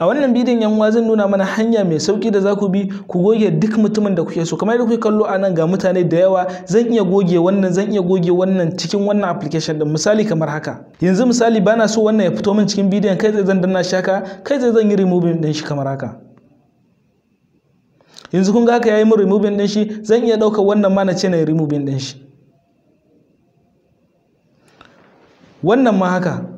A wannan bidiyon yan zan nuna mana hanya mai sauki da za ku bi ku goge duk mutumin da kuke so. Kamar yadda kuke kallo a nan ga mutane da yawa zan iya goge wannan zan iya goge wannan cikin wannan application din misali kamar haka. Yanzu misali bana so wannan ya fito min cikin bidiyon kai tsaye zan danna shi haka kai tsaye zan yi removing din shi kamar haka. Yanzu kun ga haka yayi min removing din shi zan iya ɗaukar wannan ma na ce na removing din shi. Wannan ma haka.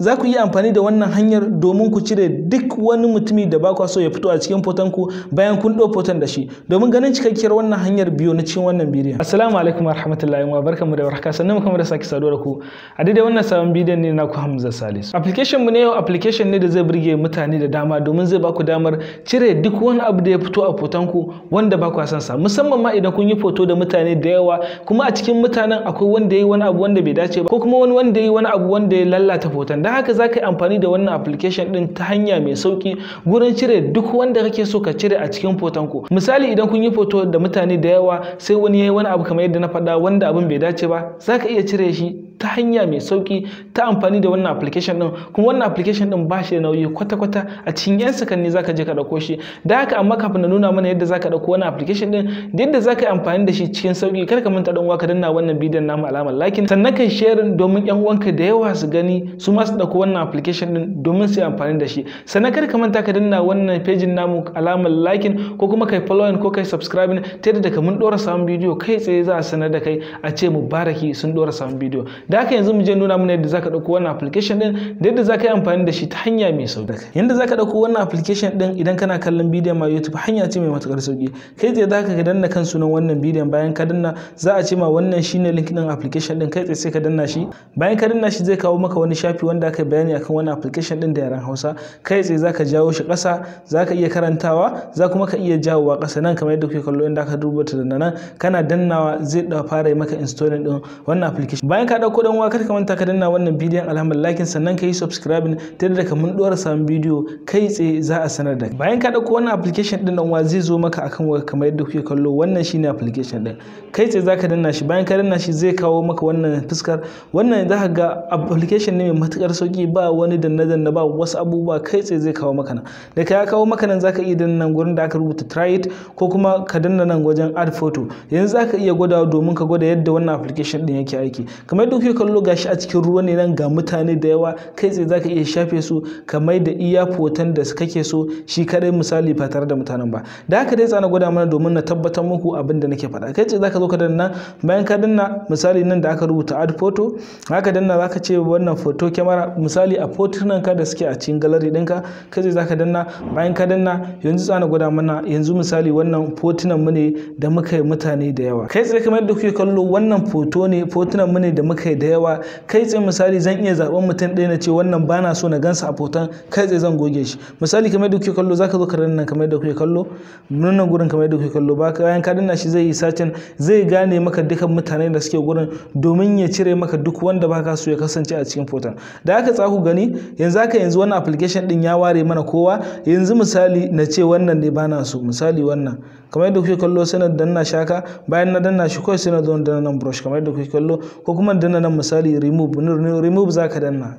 za ku yi amfani da wannan hanyar domin ku cire duk wani mutumi da ba so ya fito a cikin foton ku bayan kun ɗau foton da shi domin ganin cikakkiyar wannan hanyar biyu na cikin wannan bidiyon assalamu alaikum wa warahmatullahi wa barkamu da warhaka sannan mu kuma da sake saduwa da ku a daidai wannan sabon bidiyon ne ku Hamza Salisu application mu ne yau application ne da zai burge mutane da dama domin zai baku damar cire duk wani abu da ya fito a fotonku wanda ba kwa son sa musamman ma idan kun yi foto da mutane da yawa kuma a cikin mutanen akwai wanda ya yi wani abu wanda bai dace ba ko kuma wani wanda ya yi wani abu wanda ya lallata foton don haka za ka yi amfani da wannan application ɗin ta hanya mai sauƙi gurin cire duk wanda kake so ka cire a cikin fotonku misali idan kun yi foto da mutane da yawa sai wani ya yi wani abu kamar yadda na faɗa wanda abin bai dace ba za ka iya cire shi ta hanya mai sauki ta amfani da wannan application din kuma wannan application din ba shi da nauyi kwata-kwata a cikin 'yan sakanni zaka je ka dauko shi da haka amma kafin na nuna mana yadda zaka dauko wannan application din da yadda zaka yi amfani da shi cikin sauki kar ka manta dan uwa ka danna wannan bidiyon namu alamar like sannan kai share domin yan uwanka da yawa su gani su ma su dauko wannan application din domin su yi amfani da shi sannan kar ka manta ka danna wannan page namu alamar like ko kuma kai following ko kai subscribing ta yadda da mun dora samun bidiyo kai tsaye za a sanar da kai a ce mubaraki sun dora sabon bidiyo da haka yanzu mu je nuna mana yadda zaka dauko wannan application din da yadda zaka yi amfani da shi ta hanya mai sauki yanda zaka dauko wannan application din idan kana kallon bidiyon ma YouTube hanya ce mai matukar sauki kai tsaye zaka ka danna kan sunan wannan bidiyon bayan ka danna za a ce ma wannan shine link din application din kai tsaye sai ka danna shi bayan ka danna shi zai kawo maka wani shafi wanda aka bayani akan wannan application din da yaran Hausa kai tsaye zaka jawo shi kasa zaka iya karantawa za kuma ka iya jawowa kasa nan kamar yadda kuke kallo inda aka ta da nan kana dannawa zai fara maka installing din wannan application bayan ka dauko ko dan wakar ka manta ka danna wannan bidiyon alhamdulillah lakin sannan ka yi subscribing ta yadda ka mun dora samun bidiyo kai tsaye za a sanar da bayan ka dauko wannan application din dan wa zai zo maka akan waya kamar yadda kuke kallo wannan shine application din kai tsaye zaka danna shi bayan ka danna shi zai kawo maka wannan fuskar wannan zaka ga application ne mai matukar sauki ba wani danna danna ba wasu abubuwa kai tsaye zai kawo maka nan da ka kawo maka nan zaka iya danna nan gurin da aka rubuta try it ko kuma ka danna nan wajen add photo yanzu zaka iya gwadawa domin ka gwada yadda wannan application din yake aiki kamar yadda kuke kallo gashi a cikin ruwa ne nan ga mutane da yawa kai tsaye zaka iya shafe su ka mai da iya foton da kake so shi kadai misali ba tare da mutanen ba da haka dai tsana gwada mana domin na tabbatar muku abin da nake faɗa kai tsaye zaka zo ka danna bayan ka danna misali nan da aka rubuta add photo haka danna zaka ce wannan photo camera misali a fotunan ka da suke a cikin gallery ɗinka kai tsaye zaka danna bayan ka danna yanzu tsana gwada mana yanzu misali wannan fotunan mu ne da muka yi mutane da yawa kai tsaye kamar yadda kuke kallo wannan foto ne fotunan mu ne da muka kai da yawa kai tsaye misali zan iya zaɓen mutum ɗaya na ce wannan bana so na gansa a foton kai tsaye zan goge shi misali kamar da kuke kallo zaka zo ka nan kamar da kuke kallo gurin kamar da kuke kallo ba bayan ka danna shi zai yi sacin zai gane maka dukan mutane da suke gurin domin ya cire maka duk wanda baka so ya kasance a cikin foton da haka tsaku gani yanzu haka yanzu wannan application din ya ware mana kowa yanzu misali na ce wannan ne bana na so misali wannan kamar yadda kuke kallo sai na danna shaka bayan na danna shi kawai sai na zo danna nan brush kamar yadda kuke kallo ko kuma danna nan misali remove remove zaka danna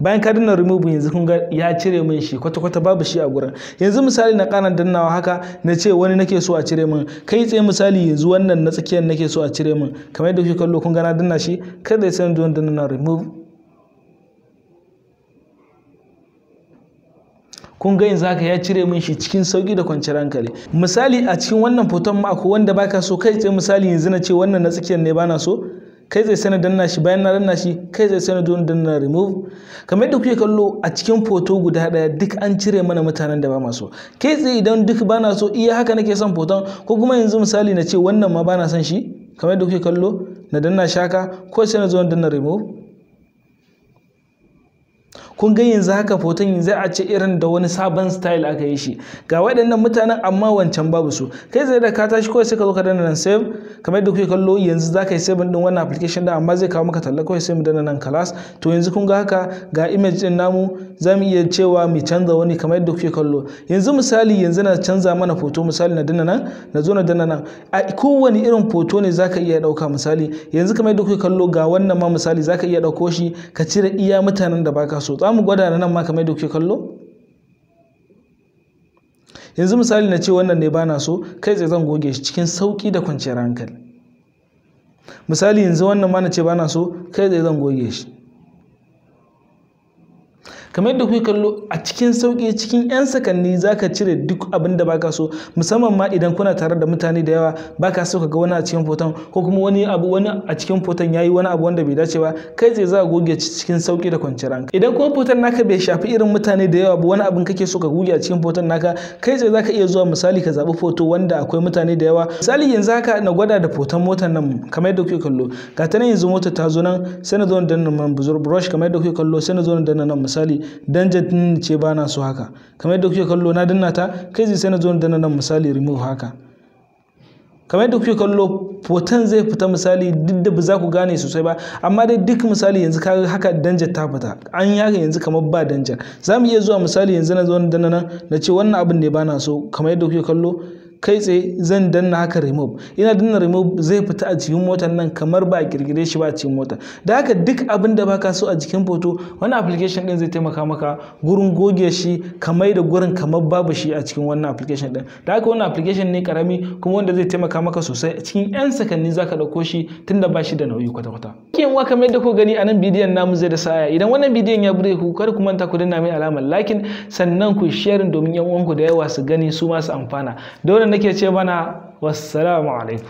bayan ka danna remove yanzu kun ga ya cire min shi kwata kwata babu shi a gurin yanzu misali na kana dannawa haka na ce wani nake so a cire min kai tsaye misali yanzu wannan na tsakiyar nake so a cire min kamar yadda kuke kallo kun ga na danna shi kada sai na zo danna remove kun ga yanzu haka ya cire min shi cikin sauki da kwanciyar hankali misali a cikin wannan foton ma akwai wanda baka so kai tsaye misali yanzu na ce wannan na tsakiyar ne bana so kai tsaye sai na danna shi bayan na danna shi kai tsaye sai na don danna remove kamar yadda kuke kallo a cikin foto guda daya duk an cire mana mutanen da ba ma kai tsaye idan duk bana so iya haka nake son foton ko kuma yanzu misali na ce wannan ma bana son shi kamar yadda kuke kallo na danna shaka ko sai na zo danna remove kun ga yanzu haka hoton yanzu a ce irin da wani sabon style aka yi shi ga waɗannan mutanen amma wancan babu su kai zai da ka tashi kawai sai ka zo ka danna nan save kamar yadda kuke kallo yanzu za ka yi save din wannan application da amma zai kawo maka talla kawai sai mu danna nan class to yanzu kun ga haka ga image din namu za mu iya cewa mu canza wani kamar yadda kuke kallo yanzu misali yanzu na canza mana hoto misali na danna nan na zo na danna nan a kowane irin hoto ne za ka iya ɗauka misali yanzu kamar yadda kuke kallo ga wannan ma misali za ka iya ɗauko shi ka cire iya mutanen da baka so za mu gwada nan ma kamar da kuke kallo yanzu misali na ce wannan ne bana so kai tsaye zan goge shi cikin sauki da kwanciyar hankali misali yanzu wannan ma na ce bana so kai tsaye zan goge shi kamar yadda kuke kallo a cikin sauƙi cikin 'yan sakanni za ka cire duk abin da baka so musamman ma idan kuna tare da mutane da yawa baka so ka ga wani a cikin foton ko kuma wani abu wani a cikin foton yayi wani abu wanda bai dace ba kai tsaye za ka goge cikin sauƙi da kwanciyar hankali idan kuma foton naka bai shafi irin mutane da yawa ba wani abin kake so ka goge a cikin foton naka kai tsaye za ka iya zuwa misali ka zaɓi foto wanda akwai mutane da yawa misali yanzu haka na gwada da foton motar nan kamar yadda kuke kallo ga ta nan yanzu motar ta zo nan sai na zo nan nan buzur brush kamar yadda kuke kallo sai na zo nan nan misali dan jatin ce ba na so haka kamar yadda kuke kallo na danna ta kai zai sai na zo danna nan misali remove haka kamar yadda kuke kallo hoton zai fita misali duk da ba za ku gane sosai ba amma dai duk misali yanzu kaga haka danjar ta fita an yaga yanzu kamar ba danjar za mu iya zuwa misali yanzu na zo danna nan na ce wannan abin ne ba na so kamar yadda kuke kallo kai tsaye zan danna haka remove ina danna remove zai fita a cikin motar nan kamar ba a kirkire shi ba a cikin mota da haka duk abin da baka so a cikin foto wani application din zai taimaka maka gurin goge shi kamar da gurin kamar babu shi a cikin wannan application din da haka wannan application ne karami kuma wanda zai taimaka maka sosai cikin 'yan sakanni zaka dauko shi tunda ba shi da nauyi kwata-kwata Ok yanwa kamar yadda ku gani a nan bidiyon namu zai da saya idan wannan bidiyon ya bude ku kar ku manta ku danna mai alamar lakin sannan ku share domin yan uwanku da yawa su gani su masu amfana da nake ce mana wassalamu alaikum